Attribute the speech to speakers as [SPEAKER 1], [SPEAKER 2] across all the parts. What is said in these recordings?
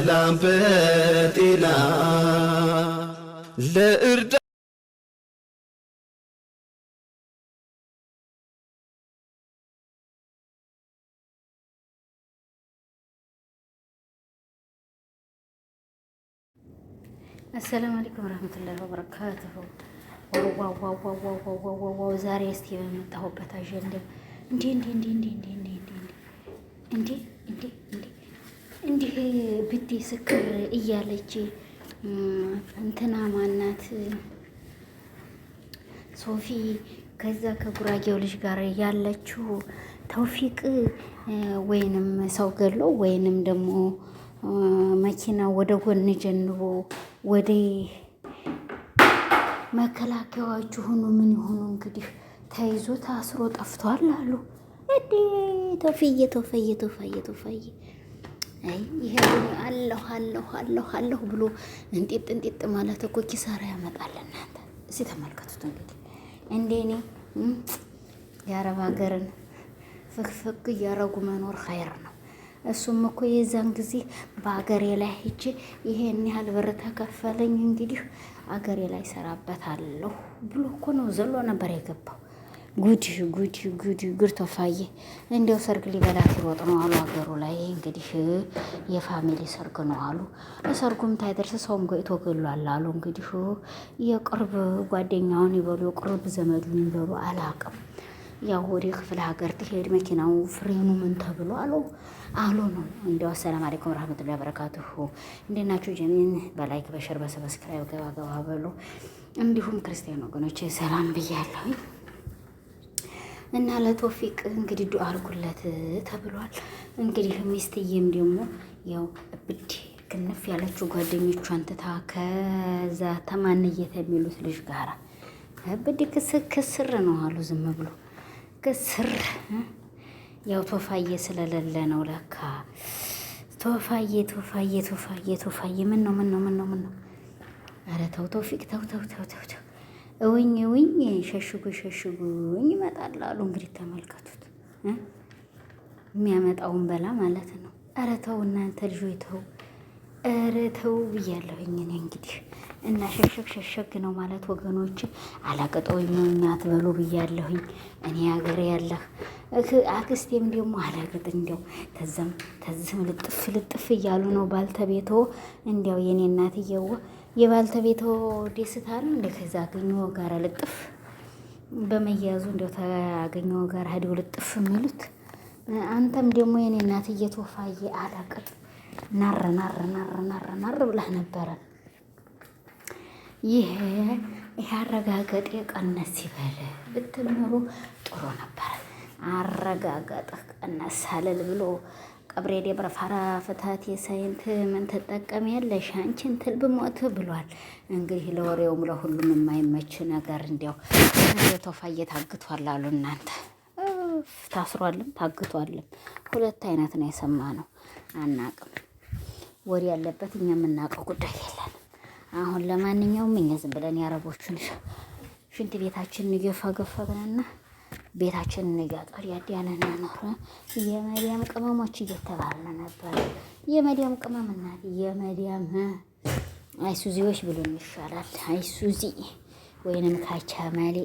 [SPEAKER 1] በሰላም በጤና
[SPEAKER 2] ለእርዳ አሰላሙ አለይኩም ወረህመቱላሂ ወበረካቱሁ። ዋዋዋዋዋዋዋዋዋው ዛሬ እስቲ በመጣሁበት አጀንዳ እንዴ እንዴ እንዴ እንዴ እንዴ እንዴ እንዴ እንዴ እንዲህ ብቴ ስክር እያለች እንትና ማናት ሶፊ ከዛ ከጉራጌው ልጅ ጋር ያለችው ተውፊቅ ወይንም ሰው ገሎ ወይንም ደግሞ መኪና ወደ ጎን ጀንቦ ወደ መከላከያዎቹ ሁኑ ምን ይሆኑ እንግዲህ ተይዞ ታስሮ ጠፍቷል አሉ። እዴ ተፈየ ተፈየ ተፈየ ተፈየ ይሄ አለሁ አለሁ አለሁ አለሁ ብሎ እንጤጥ እንጤጥ ማለት እኮ ኪሳራ ያመጣል። እናንተ እስኪ ተመልከቱት እንግዲህ እንዴ እኔ የአረብ ሀገርን ፍክፍክ እያረጉ መኖር ኸይር ነው። እሱም እኮ የዛን ጊዜ በአገሬ ላይ ሂጄ ይሄን ያህል ብር ተከፈለኝ እንግዲህ አገሬ ላይ ሰራበታለሁ ብሎ እኮ ነው ዘሎ ነበር የገባው። ጉድ ጉድ ጉድ ጉድ ቶፋዬ እንዲያው ሰርግ ሊበላት ይሮጥ ነው አሉ። አገሩ ላይ እንግዲህ የፋሚሊ ሰርግ ነው አሉ። ሰርጉም ታይደርስ ሰውም ጎይቶ ገሏል አሉ። እንግዲህ የቅርብ ጓደኛውን ይበሉ የቅርብ ዘመዱን ይበሉ አላቅም። ያው ወደ ክፍለ ሀገር ትሄድ መኪናው ፍሬኑ ምን ተብሎ አሉ አሉ ነው እንዲያው። አሰላም አለይኩም ረህመቱላሂ ወበረካቱሁ። እንዴት ናችሁ? ጀሚን በላይክ በሸር በሰብስክራይብ ገባ ገባ በሉ። እንዲሁም ክርስቲያን ወገኖች ሰላም ብያለሁኝ። እና ለቶፊቅ እንግዲህ ዱ አርጉለት ተብሏል። እንግዲህ ሚስትዬም ደግሞ ያው እብድ ክንፍ ያለችው ጓደኞቿን ትታ ከዛ ተማንየት የሚሉት ልጅ ጋራ እብድ ክስር ነው አሉ። ዝም ብሎ ክስር ያው ቶፋዬ ስለሌለ ነው ለካ። ቶፋዬ ቶፋዬ ቶፋዬ ቶፋዬ ምን ነው ምን ነው ምን ነው ምን ነው? ኧረ ተው ቶፊቅ ተው ተው ተው ተው እውኝ እውኝ ሸሽጉ ሸሽጉኝ ይመጣል አሉ። እንግዲህ ተመልከቱት፣ የሚያመጣውን በላ ማለት ነው። ኧረ ተው እናንተ ልጆች ተው፣ ኧረ ተው ብያለሁኝ እኔ እንግዲህ እና ሸሸግ ሸሸግ ነው ማለት ወገኖች፣ አላቅጠው የሚኛት በሉ ብያለሁኝ እኔ ሀገር ያለህ አክስቴም ደግሞ አላቅጥ እንዲያው ተዘም ተዝም ልጥፍ ልጥፍ እያሉ ነው ባልተቤቶ እንዲያው የኔ እናትየው የባልተቤቶ ደስታ ነው እንደ ከዛ አገኘሁ ጋር ልጥፍ በመያዙ እንደው ታገኘሁ ጋር ሄደው ልጥፍ የሚሉት አንተም ደግሞ የኔ እናት ቶፋዬ አላቅም ናር ናር ናር ናር ናር ብላህ ነበረ። ይሄ ይህ አረጋገጤ ቀነስ ይበል ብትል ኖሮ ጥሩ ነበረ። አረጋገጥ ቀነስ አለል ብሎ ቀብሬ ደብረ ፋራ ፍታት የሳይንት ምን ትጠቀም ያለሽ አንቺን ትል ብሞት ብሏል። እንግዲህ ለወሬውም ለሁሉም የማይመች ነገር እንዲያው ቶፋዬ ታግቷል አሉ እናንተ። ታስሯልም ታግቷልም ሁለት አይነት ነው የሰማ ነው አናቅም። ወሬ ያለበት እኛ የምናውቀው ጉዳይ የለን። አሁን ለማንኛውም እኛ ዝም ብለን ያረቦቹን ሽንት ቤታችንን እየፋገፈግንና ቤታችን እንጋጠር ያዲያን እንኖር የመዲያም ቅመሞች እየተባለ ነበር። የመዲያም ቅመም እናት የመዲያም አይሱዚዎች ብሎን ይሻላል። አይሱዚ ወይንም ካቻማሌ።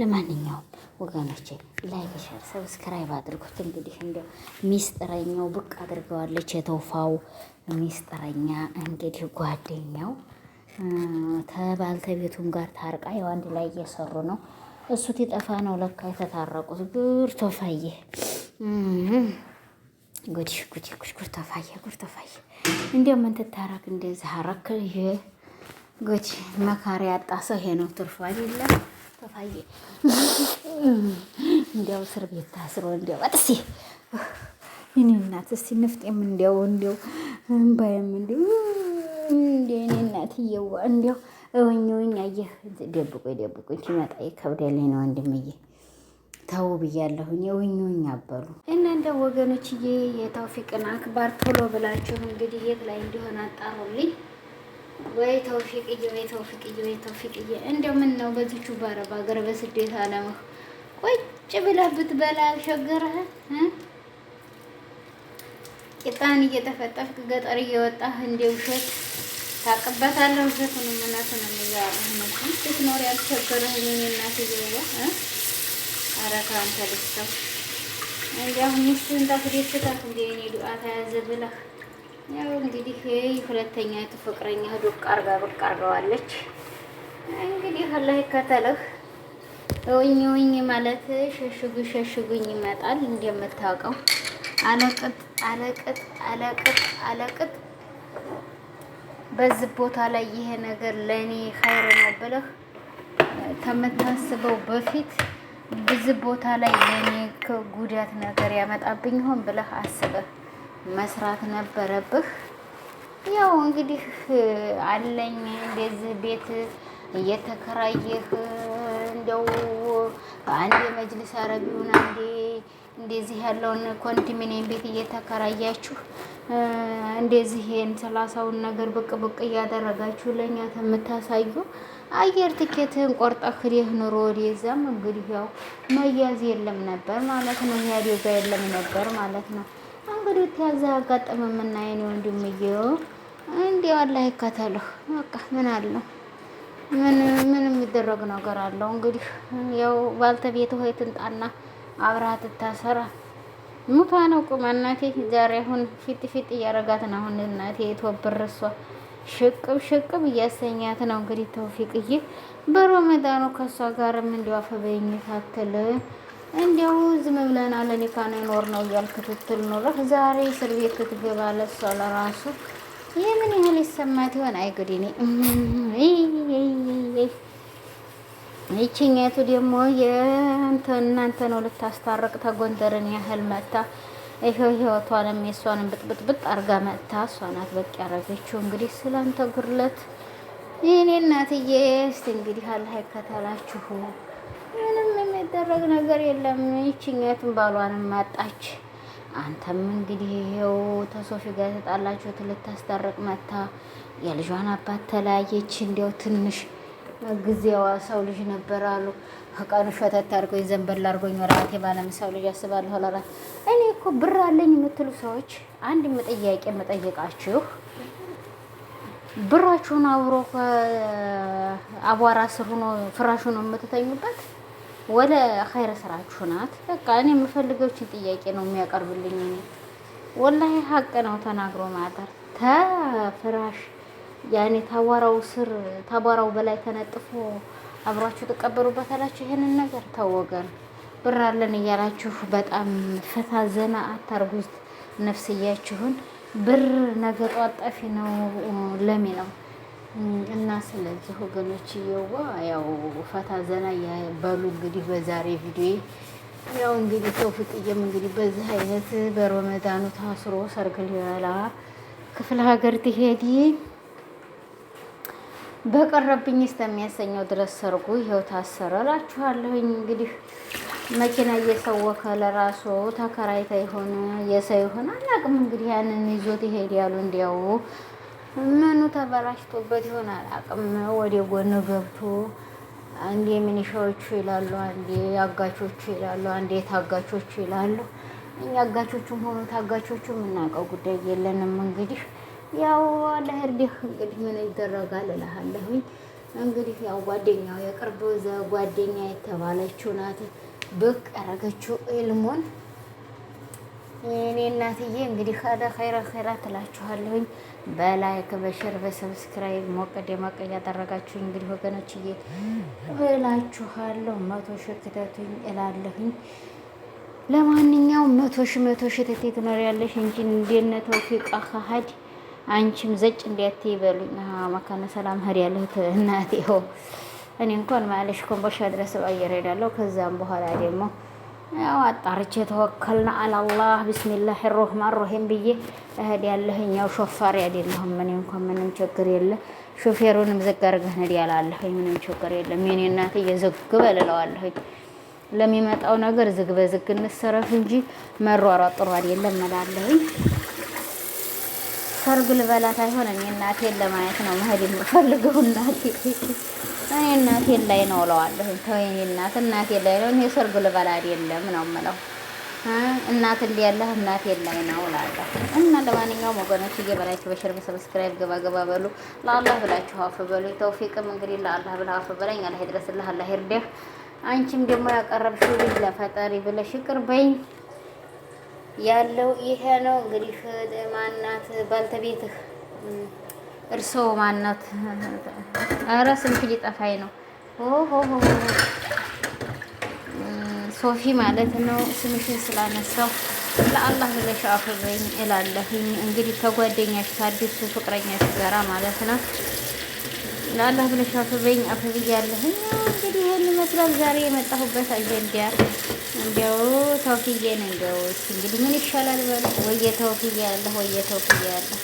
[SPEAKER 2] ለማንኛውም ወገኖቼ ላይክ፣ ሸር፣ ሰብስክራይብ አድርጉት። እንግዲህ እንደ ሚስጥረኛው ብቅ አድርገዋለች የተውፋው ሚስጥረኛ እንግዲህ ጓደኛው ከባልተቤቱም ጋር ታርቃ ያው አንድ ላይ እየሰሩ ነው። እሱ ቲጠፋ ነው ለካ የተታረቁት። ጉር ተፋየ ጉድ ጉድ ጉድ ተፋየ ጉድ ተፋየ። እንዲያው ምን ትታረቅ እንደዚህ አረክ። ይሄ ጉድ መካሪ ያጣ ሰው ይሄ ነው ትርፉ አይደለ? ተፋየ እንዲያው እስር ቤት ታስሮ እንዲያው አጥሲ እኔ እናት እስቲ ንፍጤም እንዲያው እንዲያው እምባዬም እንዲያው እንዲያው እኔ እናትዬዋ እንዲያው እውኝ እውኝ አየህ ደብቆኝ ደብቆኝ ሲመጣ ይከብዳልኝ ነው ወንድምዬ ተው ብያለሁኝ። እውኝ እውኝ አበሉ እና እንደ ወገኖችዬ የተውፊቅን አክባር ቶሎ ብላችሁ እንግዲህ የት ላይ እንዲሆን አጣሩልኝ። ወይ ተውፊቅዬ፣ ወይ ተውፊቅዬ፣ ወይ ተውፊቅዬ እንደው ምን ነው በዚቹ ባረብ ሀገር በስደት አለምህ ቁጭ ብለህ ብትበላ አልሸገረህ? ቂጣን እየተፈጠፍክ ገጠር እየወጣህ እንደ ውሸት ታውቅበታለሁ እህቱን እናቱን የሚያረህ ነው ስትኖር ያልቸገረህ እኔ እናት ይዘው ኧረ ከአንተ ልስተው እንዲያው ሚስትህን ታስደስታት እንደ እኔ ዱአ ተያዘ ብለህ ያው እንግዲህ ሁለተኛ ፍቅረኛ ዱቅ አርጋ ብቅ አርገዋለች። እንግዲህ አላህ ይከተልህ። እውኝ እውኝ ማለት ሸሽጉ ሸሽጉኝ ይመጣል እንደምታውቀው አለቅጥ አለቅጥ አለቅጥ አለቅጥ በዚህ ቦታ ላይ ይሄ ነገር ለእኔ ኸይር ነው ብለህ ከምታስበው በፊት በዚህ ቦታ ላይ ለኔ ጉዳት ነገር ያመጣብኝ ይሆን ብለህ አስበህ መስራት ነበረብህ። ያው እንግዲህ አለኝ እንደዚህ ቤት እየተከራየህ እንደው አንዴ መጅልስ አረቢውን አንዴ እንደዚህ ያለውን ኮንዶሚኒየም ቤት እየተከራያችሁ እንደዚህ ይሄን ሰላሳውን ነገር ብቅ ብቅ እያደረጋችሁ ለእኛ የምታሳዩ አየር ትኬትን ቆርጣ ሂደህ ኑሮ ወደዛም እንግዲህ ያው መያዝ የለም ነበር ማለት ነው። ጋር የለም ነበር ማለት ነው። እንግዲህ ያዛ አጋጠመ የምናየን ይየው እንዴ አላህ ይከተልህ። በቃ ምን አለው ምን ምን የሚደረግ ነገር አለው? እንግዲህ ያው ባልተቤት ሆይ ትንጣና አብረሃት ታሰራ ሙቷ ነው ቁማ እናቴ ዛሬ አሁን ፊጥ ፊጥ እያረጋት ነው። አሁን እናቴ የተወብር እሷ ሽቅብ ሽቅብ እያሰኛት ነው። እንግዲህ ተውፊቅዬ በሮመዳኑ ከእሷ ጋርም እንዲያው አፈበኝ ታክል እንዲያው ዝም ብለና ለኒካ ነው ኖር ነው እያል ክትትል ኖረህ ዛሬ እስር ቤት ክትገባ ለሷ ለራሱ የምን ያህል ይሰማት ይሆን? አይጉድ ኔ ይችኛቱ ደግሞ የእንተ እናንተ ነው ልታስታርቅ ተጎንደርን ያህል መታ ይሄው ህይወቷንም የእሷንም ብጥብጥብጥ አርጋ መታ እሷ ናት በቂ ያረገችው። እንግዲህ ስላንተ ጉርለት ይህኔ እናትዬ እስቲ እንግዲህ አላህ ይከተላችሁ። ምንም የሚደረግ ነገር የለም። ይችኛቱን ባሏንም አጣች። አንተም እንግዲህ ይሄው ተሶፊ ጋር የተጣላችሁት ልታስታርቅ መታ የልጇን አባት ተለያየች። እንዲያው ትንሽ ጊዜዋ ሰው ልጅ ነበር አሉ። ቀኑ ሸተት አድርጎኝ ዘንበል አድርጎኝ ወራቴ ባለም ሰው ልጅ ያስባለሁ አላላት። እኔ እኮ ብር አለኝ የምትሉ ሰዎች አንድ ጥያቄ መጠየቃችሁ ብራችሁን አብሮ አቧራ ስር ሆኖ ፍራሹ ነው የምትተኙበት ወደ ኸይረ ስራችሁ ናት። በቃ እኔ የምፈልገችን ጥያቄ ነው የሚያቀርብልኝ። ወላሂ ሀቅ ነው ተናግሮ ማጠር ተፍራሽ ያኔ ታቧራው ስር ታቧራው በላይ ተነጥፎ አብሯችሁ ትቀበሩበታላችሁ። ይሄንን ነገር ታወገን ብር አለን እያላችሁ በጣም ፈታ ዘና አታርጉት ነፍስያችሁን። ብር ነገ ጧጣፊ ነው ለሚ ነው እና ስለዚህ ወገኖች እየዋ ያው ፈታ ዘና በሉ እንግዲህ በዛሬ ቪዲዮ ያው እንግዲህ ተውፊቅዬም እንግዲህ በዚህ አይነት በረመዳኑ ታስሮ ሰርግ ሊበላ ክፍለ ሀገር ትሄድ በቀረብኝ እስከሚያሰኘው ድረስ ሰርጉ ይኸው ታሰረ እላችኋለሁኝ። እንግዲህ መኪና እየሰወከ ለራሱ ተከራይታ የሆነ የሰው ይሆን አላቅም እንግዲህ ያንን ይዞት ይሄድ ያሉ እንዲያው ምኑ ተበላሽቶበት ይሆን አላቅም። ወደ ጎን ገብቶ አንዴ ሚኒሻዎቹ ይላሉ፣ አንዴ አጋቾቹ ይላሉ፣ አንዴ ታጋቾቹ ይላሉ። እኛ አጋቾቹም ሆኑ ታጋቾቹ የምናውቀው ጉዳይ የለንም እንግዲህ ያው ለህርዲህ እንግዲህ ምን ይደረጋል እልሃለሁኝ። እንግዲህ ያው ጓደኛው የቅርብ ጓደኛ የተባለችው ናት ብቅ ያደረገችው ኢልሙን የኔ እናትዬ እንግዲህ ከደ ኸይረ ኸይራ ትላችኋለሁኝ። በላይክ በሽር በሰብስክራይብ ሞቅ ደመቅ እያደረጋችሁ እንግዲህ ወገኖችዬ እላችኋለሁ። መቶ ሺህ ክተቱኝ እላለሁኝ። ለማንኛውም መቶ ሺህ መቶ ሺህ ትቴ ትኖሪያለሽ እንጂ እንደነ ተውፊቅ አኻሀድ አንቺም ዘጭ እንዲያት ይበሉኝ መካነ ሰላም ሄድ ያለሁት እናቴ ሆ እኔ እንኳን ማለሽ ኮምቦልቻ ድረስ በአየር ሄዳለሁ። ከዛም በኋላ ደግሞ ያው አጣርቼ ተወከልና አላላህ ቢስሚላህ ራህማን ራሂም ብዬ እህድ ያለሁኝ። ያው ሾፋሪ አይደለሁም እኔ እንኳን ምንም ችግር የለ። ሾፌሩንም ዘግ ነድ ያላለሁኝ ምንም ችግር የለም። የኔ እናትዬ ዝግ በል ለሚመጣው ነገር ዝግ በዝግ እንሰረፍ እንጂ መሯሯጥ ጥሩ አይደለም እላለሁኝ። ሰርግ ልበላ ሳይሆን እኔ እናቴን ለማየት ነው መሄድ የምፈልገው። እናቴ እኔ እናቴን ላይ ነው እለዋለሁ። ተወኝ እናት እናቴን ላይ ነው። እኔ ሰርግ ልበላ አይደለም ነው የምለው። እናት እንዲያለህ እናቴን ላይ ነው እላለሁ። እና ለማንኛውም ወገኖች እየበላችሁ በሸር በሰብስክራይብ ገባ ገባ በሉ። ለአላህ ብላችሁ አፍ በሉ። ተውፊቅም እንግዲህ ለአላህ ብላ አፍ በለኝ። አላህ ይድረስልህ፣ አላህ ይርዳህ። አንቺም ደግሞ ያቀረብሽው ልጅ ለፈጣሪ ብለሽ ይቅር በይኝ። ያለው ይሄ ነው እንግዲህ። ማናት ባልተቤትህ እርሶ ማናት? አረ ስንት ሊጠፋኝ ነው። ኦሆሆ ሶፊ ማለት ነው። ስምሽን ስላነሳው ለአላህ ብለሽ አፍረኝ እላለሁኝ። እንግዲህ ከጓደኛሽ ከአዲሱ ፍቅረኛሽ ጋራ ማለት ነው ለአላህ ብለሽ አፈበኝ አፈብያለሁ። እንግዲህ ይህን ይመስላል ዛሬ የመጣሁበት አጀንዳ። እንዲያው ተውፊዬን እንደው እንግዲህ ምን ይሻላል በል ወየ ተውፊዬ ያለህ ወየ ተውፊዬ ያለህ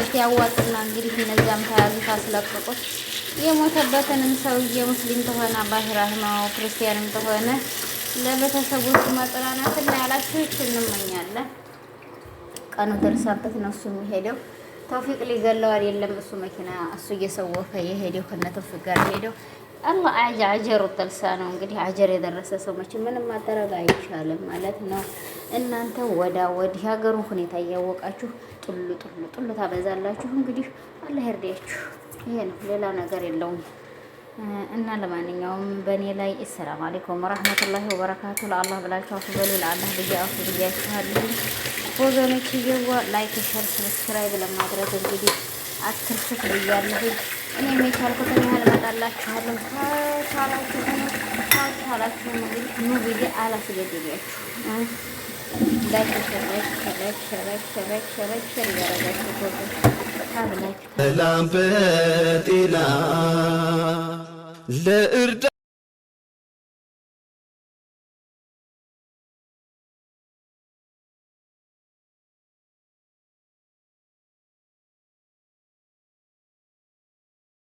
[SPEAKER 2] እስቲ ያዋጡና እንግዲህ እነዛም ተያዙ ታስለቅቁት። የሞተበትንም ሰውዬ ሙስሊም ተሆነ ባህራህ ነው ክርስቲያንም ተሆነ ለቤተሰቦች እና ያላችሁ እንመኛለን። ቀኑ ደርሳበት ነው እሱ የሚሄደው። ተውፊቅ ሊገለው አይደለም እሱ መኪና እሱ እየሰወፈ የሄደው ከነ ተውፊቅ ጋር የሄደው አላ አጀ አጀሩ ጠልሳ ነው እንግዲህ አጀር የደረሰ ሰው መቼ ምንም ማደረግ አይቻልም ማለት ነው። እናንተ ወዳ ወዲህ ሀገሩን ሁኔታ እያወቃችሁ ጥሉ ጥሉ ጡሉ ታበዛላችሁ። እንግዲህ አላህ ይርዳችሁ። ይሄ ነው ሌላ ነገር የለውም። እና ለማንኛውም በእኔ ላይ ሰላም አለይኩም ወራህመቱላሂ ወበረካቱ። ለአላህ ብላችሁ አፍ በሉ፣ ለአላህ ብዬ አፍ ብያችኋለሁ። ወገኖች ይገባ ላይክ፣ ሸር፣ ሰብስክራይብ ለማድረግ እንግዲህ አትርሱት ብያለሁኝ። እኔም የቻልኩትን ያህል እመጣላችኋለሁ። ታላችሁ ታላችሁ እንግዲህ ኑ ብዬ አላስገድዳችሁ። ላይክ፣ ሸር፣ ላይክ፣ ሸር፣ ላይክ፣ ሸር፣ ላይክ፣ ሸር እያረጋችሁ ወገኖች ታብላችሁ ሰላም በጤና ለእርዳ